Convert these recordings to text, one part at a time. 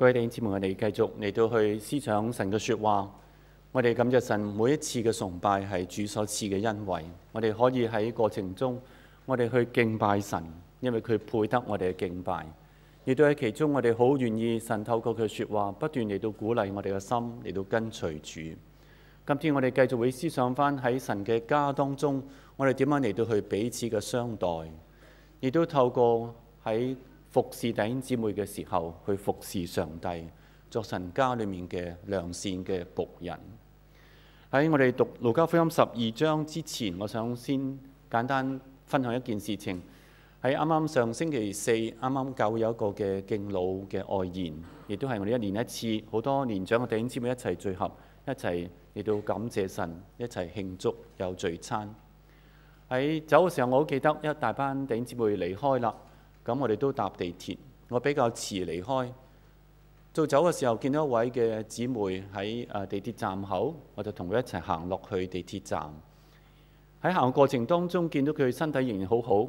各位弟兄姊妹，我哋繼續嚟到，去思想神嘅說話。我哋感謝神每一次嘅崇拜係主所賜嘅恩惠。我哋可以喺過程中，我哋去敬拜神，因為佢配得我哋嘅敬拜。亦都喺其中，我哋好願意神透過佢說話，不斷嚟到鼓勵我哋嘅心嚟到跟隨主。今天我哋繼續會思想翻，喺神嘅家當中，我哋點樣嚟到去彼此嘅相待，亦都透過喺。服侍弟兄姊妹嘅時候，去服侍上帝，作神家裏面嘅良善嘅僕人。喺我哋讀路加福音十二章之前，我想先簡單分享一件事情。喺啱啱上星期四，啱啱教會有一個嘅敬老嘅愛宴，亦都係我哋一年一次，好多年長嘅弟兄姊妹一齊聚合，一齊嚟到感謝神，一齊慶祝又聚餐。喺走嘅時候，我好記得一大班弟兄姊妹離開啦。咁我哋都搭地鐵，我比較遲離開。到走嘅時候，見到一位嘅姊妹喺啊地鐵站口，我就同佢一齊行落去地鐵站。喺行嘅過程當中，見到佢身體仍然好好，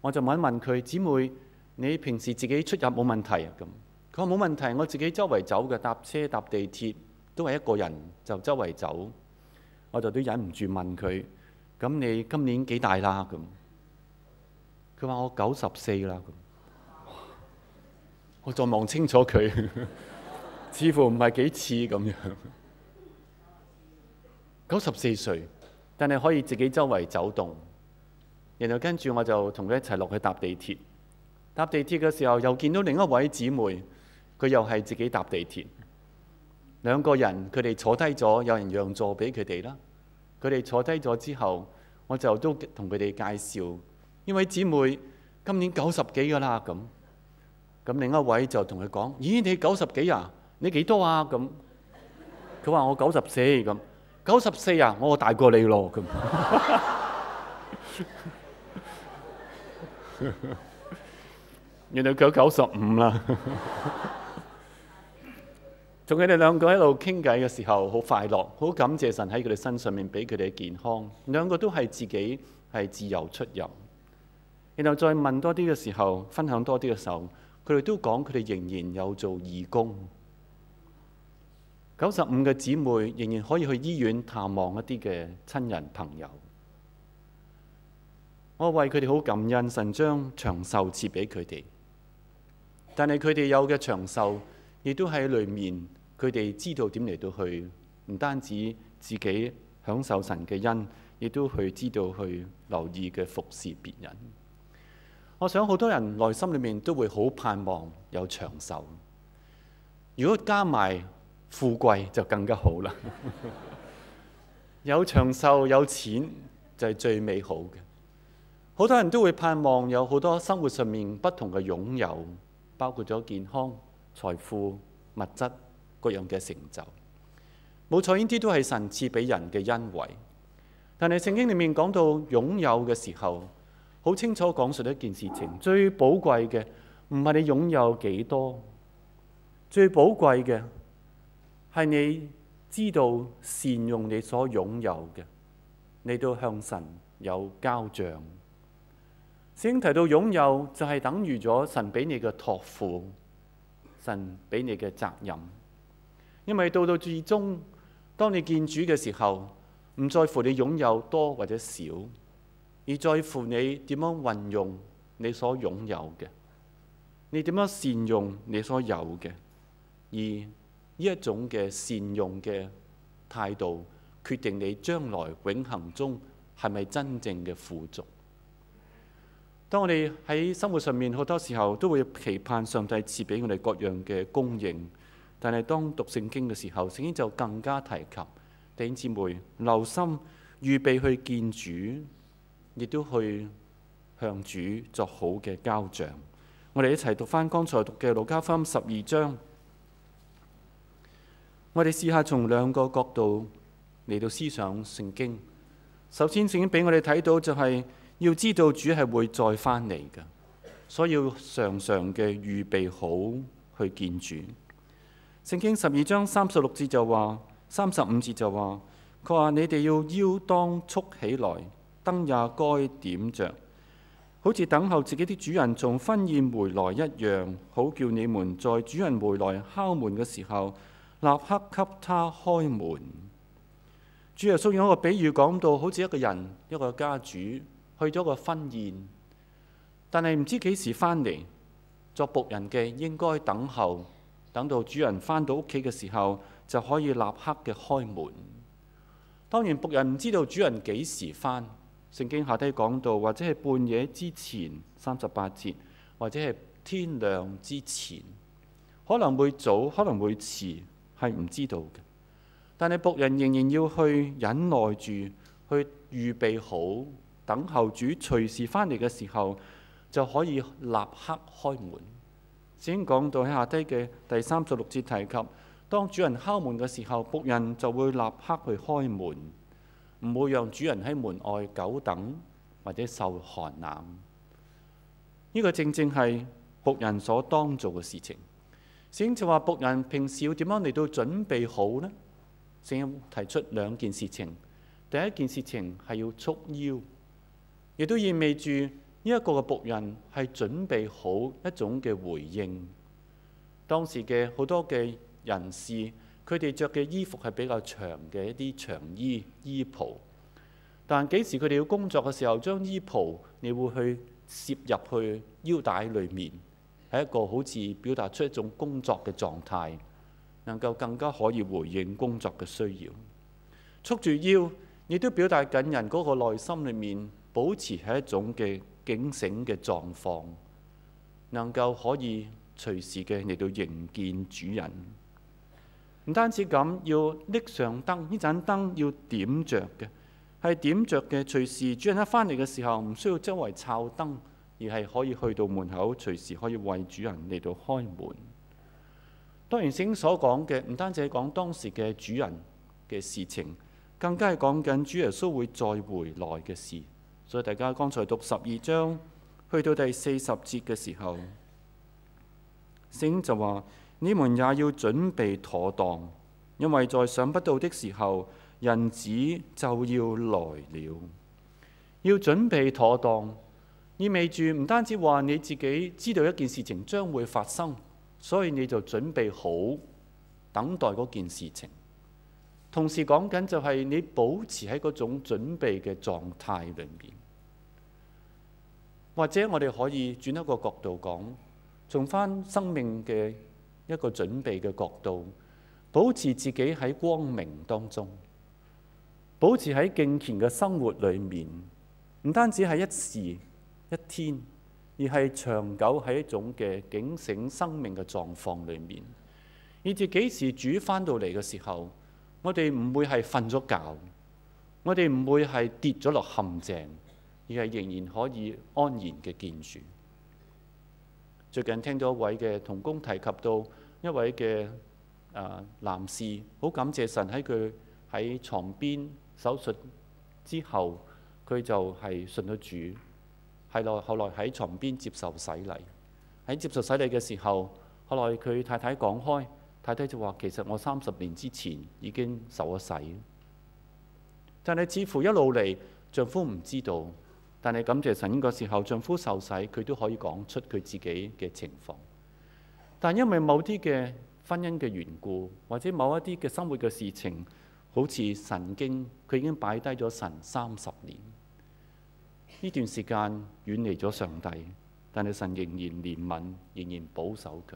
我就問一問佢：姊妹，你平時自己出入冇問題啊？咁佢話冇問題，我自己周圍走嘅，搭車搭地鐵都係一個人就周圍走。我就都忍唔住問佢：咁你今年幾大啦？咁。佢話：我九十四啦。我再望清楚佢， 似乎唔係幾似咁樣。九十四歲，但係可以自己周圍走動。然後跟住我就同佢一齊落去搭地鐵。搭地鐵嘅時候又見到另一位姊妹，佢又係自己搭地鐵。兩個人佢哋坐低咗，有人讓座俾佢哋啦。佢哋坐低咗之後，我就都同佢哋介紹。依位姊妹今年九十幾噶啦，咁咁另一位就同佢講：咦，你九十幾啊？你幾多啊？咁佢話我九十四，咁九十四啊，我大過你咯咁。原來佢九十五啦。同佢哋兩個喺度傾偈嘅時候，好快樂，好感謝神喺佢哋身上面俾佢哋健康。兩個都係自己係自由出入。然後再問多啲嘅時候，分享多啲嘅時候，佢哋都講佢哋仍然有做義工。九十五個姊妹仍然可以去醫院探望一啲嘅親人朋友。我為佢哋好感恩神，神將長壽賜俾佢哋。但係佢哋有嘅長壽，亦都喺裡面。佢哋知道點嚟到去，唔單止自己享受神嘅恩，亦都去知道去留意嘅服侍別人。我想好多人內心裏面都會好盼望有長壽，如果加埋富貴就更加好啦。 有長壽有錢就係最美好嘅。好多人都會盼望有好多生活上面不同嘅擁有，包括咗健康、財富、物質各樣嘅成就。冇錯，呢啲都係神賜俾人嘅恩惠。但係聖經裏面講到擁有嘅時候。好清楚講述一件事情，最寶貴嘅唔係你擁有幾多，最寶貴嘅係你知道善用你所擁有嘅，你都向神有交賬。聖經提到擁有就係等於咗神俾你嘅託付，神俾你嘅責任，因為到到最終，當你見主嘅時候，唔在乎你擁有多或者少。而在乎你點樣運用你所擁有嘅，你點樣善用你所有嘅，而呢一種嘅善用嘅態度，決定你將來永恆中係咪真正嘅富足。當我哋喺生活上面，好多時候都會期盼上帝賜俾我哋各樣嘅供應，但係當讀聖經嘅時候，聖經就更加提及弟兄姊妹，留心預備去見主。亦都去向主作好嘅交賬。我哋一齊讀翻剛才讀嘅路加福音十二章。我哋試下從兩個角度嚟到思想聖經。首先，聖經俾我哋睇到就係要知道主係會再翻嚟嘅，所以要常常嘅預備好去見主。聖經十二章三十六節就話，三十五節就話，佢話你哋要腰當束起來。燈也該點着，好似等候自己啲主人從婚宴回來一樣，好叫你們在主人回來敲門嘅時候，立刻給他開門。主耶穌用一個比喻講到，好似一個人一個家主去咗個婚宴，但係唔知幾時返嚟。作僕人嘅應該等候，等到主人返到屋企嘅時候，就可以立刻嘅開門。當然，僕人唔知道主人幾時返。聖經下低講到，或者係半夜之前，三十八節，或者係天亮之前，可能會早，可能會遲，係唔知道嘅。但係僕人仍然要去忍耐住，去預備好，等候主隨時返嚟嘅時候，就可以立刻開門。先講到喺下低嘅第三十六節提及，當主人敲門嘅時候，僕人就會立刻去開門。唔會讓主人喺門外久等或者受寒冷。呢個正正係僕人所當做嘅事情。聖經就話僕人平時要點樣嚟到準備好呢？聖經提出兩件事情。第一件事情係要束腰，亦都意味住呢一個嘅僕人係準備好一種嘅回應。當時嘅好多嘅人士。佢哋着嘅衣服係比較長嘅一啲長衣衣袍，但幾時佢哋要工作嘅時候，將衣袍你會去攝入去腰帶裏面，係一個好似表達出一種工作嘅狀態，能夠更加可以回應工作嘅需要。束住腰，亦都表達緊人嗰個內心裏面保持喺一種嘅警醒嘅狀況，能夠可以隨時嘅嚟到迎見主人。唔單止咁，要搦上燈，呢盞燈要點着嘅，係點着嘅。隨時主人一返嚟嘅時候，唔需要周圍湊燈，而係可以去到門口，隨時可以為主人嚟到開門。當然，聖經所講嘅唔單止係講當時嘅主人嘅事情，更加係講緊主耶穌會再回來嘅事。所以大家剛才讀十二章去到第四十節嘅時候，聖經就話。你們也要準備妥當，因為在想不到的時候，人子就要來了。要準備妥當，意味住唔單止話你自己知道一件事情將會發生，所以你就準備好等待嗰件事情。同時講緊就係你保持喺嗰種準備嘅狀態裏面，或者我哋可以轉一個角度講，從翻生命嘅，一個準備嘅角度，保持自己喺光明當中，保持喺敬虔嘅生活裏面，唔單止係一時一天，而係長久喺一種嘅警醒生命嘅狀況裏面。以至幾時主返到嚟嘅時候，我哋唔會係瞓咗覺，我哋唔會係跌咗落陷阱，而係仍然可以安然嘅見主。最近聽咗一位嘅同工提及到一位嘅啊男士，好感謝神喺佢喺床邊手術之後，佢就係信咗主，係咯，後來喺床邊接受洗禮。喺接受洗禮嘅時候，後來佢太太講開，太太就話：其實我三十年之前已經受咗洗，但係似乎一路嚟丈夫唔知道。但係感謝神嗰時候，丈夫受洗，佢都可以講出佢自己嘅情況。但因為某啲嘅婚姻嘅緣故，或者某一啲嘅生活嘅事情，好似神經，佢已經擺低咗神三十年。呢段時間遠離咗上帝，但係神仍然憐憫，仍然保守佢。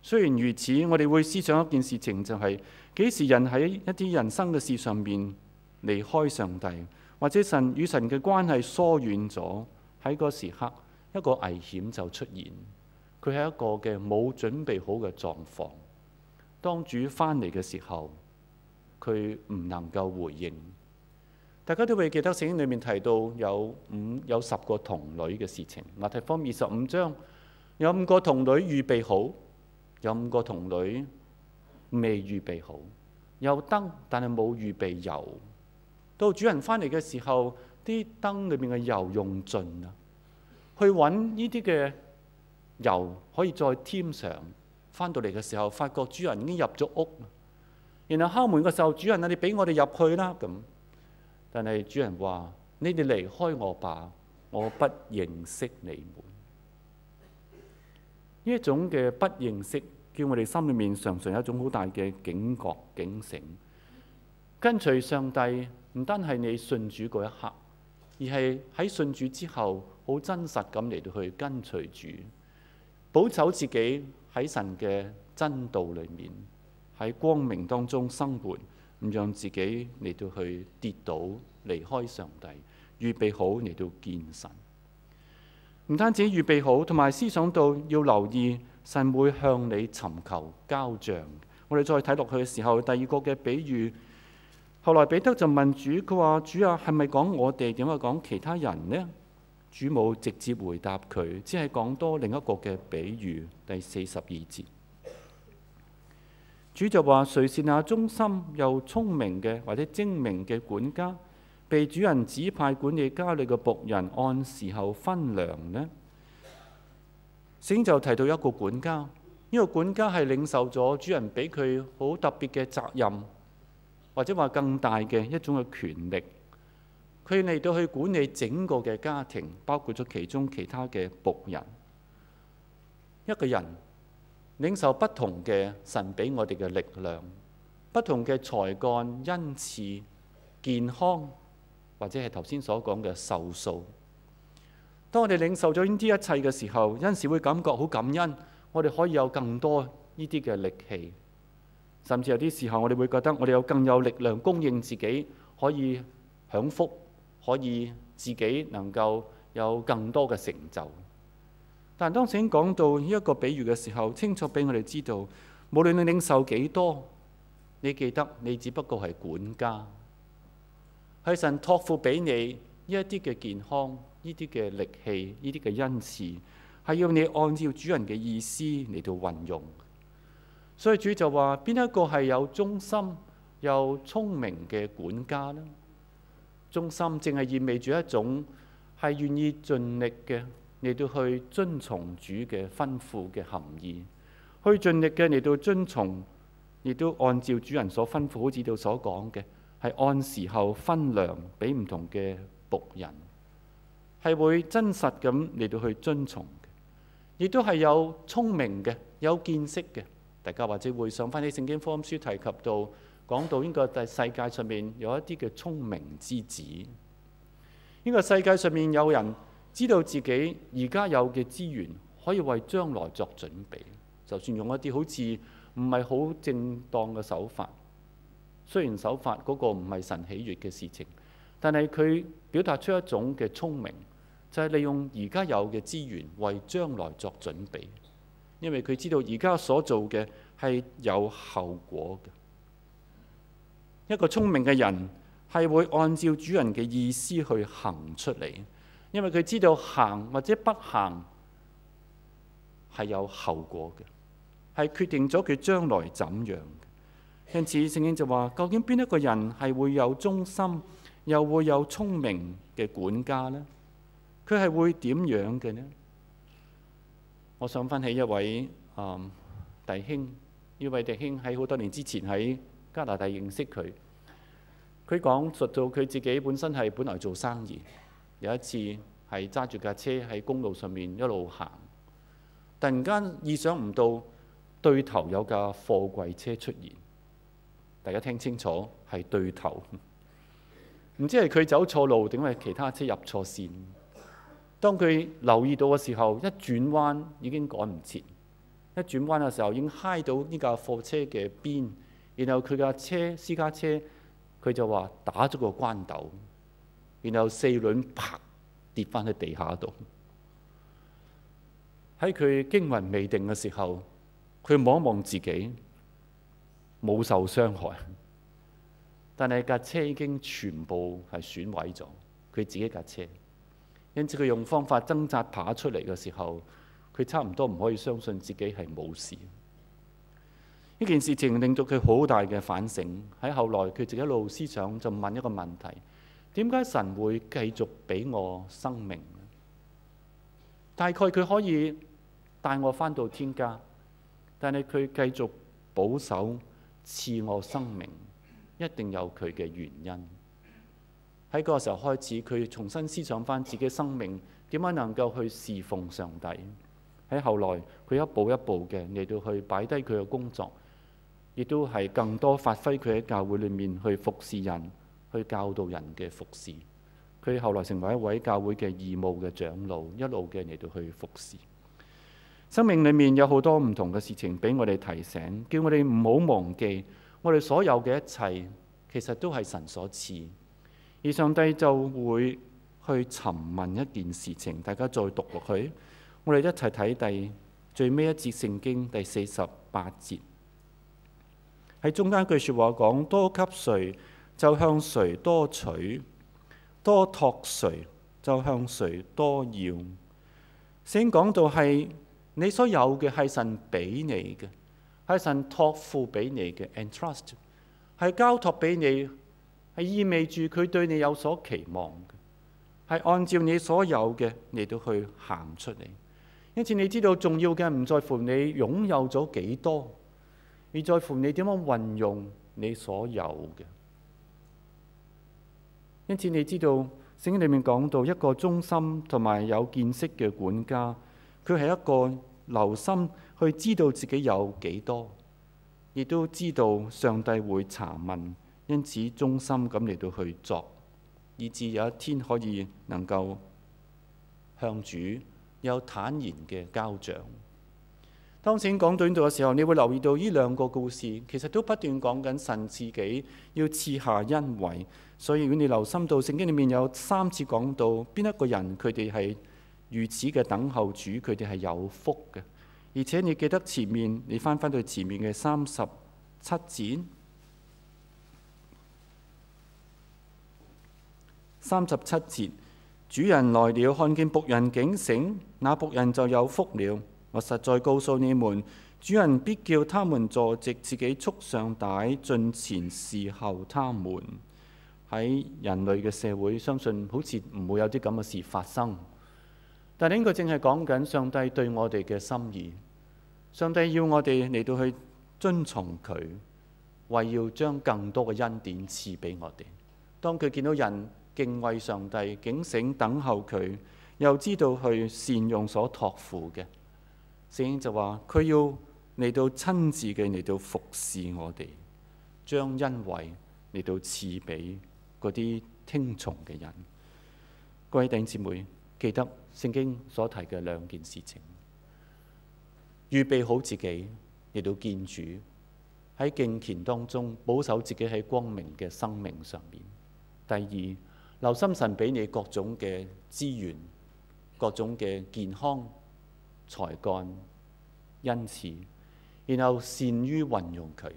雖然如此，我哋會思想一件事情，就係、是、幾時人喺一啲人生嘅事上面離開上帝。或者神與神嘅關係疏遠咗，喺嗰時刻一個危險就出現。佢係一個嘅冇準備好嘅狀況。當主翻嚟嘅時候，佢唔能夠回應。大家都會記得聖經裡面提到有五有十個童女嘅事情。馬太福音二十五章有五個童女預備好，有五個童女未預備好，有燈，但係冇預備油。到主人翻嚟嘅時候，啲燈裏面嘅油用盡啦，去揾呢啲嘅油可以再添上。翻到嚟嘅時候，發覺主人已經入咗屋，然後敲門嘅時候，主人啊，你俾我哋入去啦咁。但係主人話：你哋離開我吧，我不認識你們。呢一種嘅不認識，叫我哋心裏面常常有一種好大嘅警覺警醒，跟隨上帝。唔單係你信主嗰一刻，而係喺信主之後，好真實咁嚟到去跟隨主，保守自己喺神嘅真道裏面，喺光明當中生活，唔讓自己嚟到去跌倒，離開上帝，預備好嚟到見神。唔單止預備好，同埋思想到要留意神會向你尋求交賬。我哋再睇落去嘅時候，第二個嘅比喻。後來彼得就問主，佢話：主啊，係咪講我哋點啊？講其他人呢？主冇直接回答佢，只係講多另一個嘅比喻。第四十二節，主就話：誰是那忠心又聰明嘅或者精明嘅管家，被主人指派管理家裏嘅僕人，按時候分糧呢？先就提到一個管家，呢個管家係領受咗主人俾佢好特別嘅責任。或者話更大嘅一種嘅權力，佢嚟到去管理整個嘅家庭，包括咗其中其他嘅僕人。一個人領受不同嘅神俾我哋嘅力量，不同嘅才幹、恩賜、健康或者係頭先所講嘅壽數。當我哋領受咗呢啲一切嘅時候，因此會感覺好感恩，我哋可以有更多呢啲嘅力氣。甚至有啲時候，我哋會覺得我哋有更有力量供應自己，可以享福，可以自己能夠有更多嘅成就。但係當前講到呢一個比喻嘅時候，清楚俾我哋知道，無論你領受幾多，你記得你只不過係管家，係神託付俾你呢一啲嘅健康、呢啲嘅力氣、呢啲嘅恩賜，係要你按照主人嘅意思嚟到運用。所以主就話：邊一個係有忠心又聰明嘅管家呢？忠心淨係意味住一種係願意盡力嘅嚟到去遵從主嘅吩咐嘅含義，去盡力嘅嚟到遵從，亦都按照主人所吩咐，好似到所講嘅係按時候分糧俾唔同嘅僕人，係會真實咁嚟到去遵從，亦都係有聰明嘅、有見識嘅。大家或者會上翻啲聖經福音書提及到，講到呢個世界上面有一啲嘅聰明之子，呢個世界上面有人知道自己而家有嘅資源可以為將來作準備，就算用一啲好似唔係好正當嘅手法，雖然手法嗰個唔係神喜悅嘅事情，但係佢表達出一種嘅聰明，就係、是、利用而家有嘅資源為將來作準備。因為佢知道而家所做嘅係有後果嘅，一個聰明嘅人係會按照主人嘅意思去行出嚟，因為佢知道行或者不行係有後果嘅，係決定咗佢將來怎樣。因此聖經就話：究竟邊一個人係會有忠心又會有聰明嘅管家呢？佢係會點樣嘅呢？我想返起一位啊、嗯、弟兄，呢位弟兄喺好多年之前喺加拿大認識佢。佢講述到佢自己本身係本來做生意，有一次係揸住架車喺公路上面一路行，突然間意想唔到對頭有架貨櫃車出現。大家聽清楚，係對頭。唔知係佢走錯路，定係其他車入錯線？當佢留意到嘅時候，一轉彎已經趕唔切。一轉彎嘅時候，已經揩到呢架貨車嘅邊。然後佢架車私家車，佢就話打咗個關鬥。然後四輪啪跌翻喺地下度。喺佢驚魂未定嘅時候，佢望一望自己，冇受傷害。但係架車已經全部係損毀咗。佢自己架車。因此佢用方法掙扎爬出嚟嘅時候，佢差唔多唔可以相信自己係冇事。呢件事情令到佢好大嘅反省，喺後來佢自己一路思想就問一個問題：點解神會繼續俾我生命？大概佢可以帶我返到天家，但係佢繼續保守賜我生命，一定有佢嘅原因。喺嗰個時候開始，佢重新思想翻自己生命點樣能夠去侍奉上帝。喺後來，佢一步一步嘅嚟到去擺低佢嘅工作，亦都係更多發揮佢喺教會裏面去服侍人、去教導人嘅服侍。佢後來成為一位教會嘅義務嘅長老，一路嘅嚟到去服侍。生命裏面有好多唔同嘅事情俾我哋提醒，叫我哋唔好忘記，我哋所有嘅一切其實都係神所賜。而上帝就會去詢問一件事情，大家再讀落去，我哋一齊睇第最尾一節聖經第四十八節。喺中間句說話講：多給誰，就向誰多取；多託誰，就向誰多要。先講到係你所有嘅係神俾你嘅，係神託付俾你嘅 （entrust），係交託俾你。係意味住佢對你有所期望嘅，係按照你所有嘅，你都去行出嚟。因此你知道重要嘅唔在乎你擁有咗幾多，而在乎你點樣運用你所有嘅。因此你知道聖經裏面講到一個忠心同埋有見識嘅管家，佢係一個留心去知道自己有幾多，亦都知道上帝會查問。因此，忠心咁嚟到去作，以至有一天可以能夠向主有坦然嘅交賬。當前講到呢度嘅時候，你會留意到呢兩個故事，其實都不斷講緊神自己要賜下恩惠。所以，如果你留心到聖經裏面有三次講到邊一個人，佢哋係如此嘅等候主，佢哋係有福嘅。而且，你記得前面你翻翻到前面嘅三十七節。三十七節，主人來了，看見僕人警醒，那僕人就有福了。我實在告訴你們，主人必叫他們坐席，自己束上帶，進前侍候他們。喺人類嘅社會，相信好似唔會有啲咁嘅事發生。但係呢句正係講緊上帝對我哋嘅心意。上帝要我哋嚟到去遵從佢，為要將更多嘅恩典賜俾我哋。當佢見到人。敬畏上帝，警醒等候佢，又知道去善用所托付嘅。聖經就話佢要嚟到親自嘅嚟到服侍我哋，將恩惠嚟到賜俾嗰啲聽從嘅人。各位弟兄姊妹，記得聖經所提嘅兩件事情，預備好自己嚟到見主，喺敬虔當中保守自己喺光明嘅生命上面。第二，留心神俾你各種嘅資源，各種嘅健康才幹，恩賜，然後善於運用佢，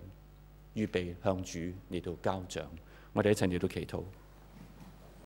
預備向主嚟到交賬。我哋一齊嚟到祈禱。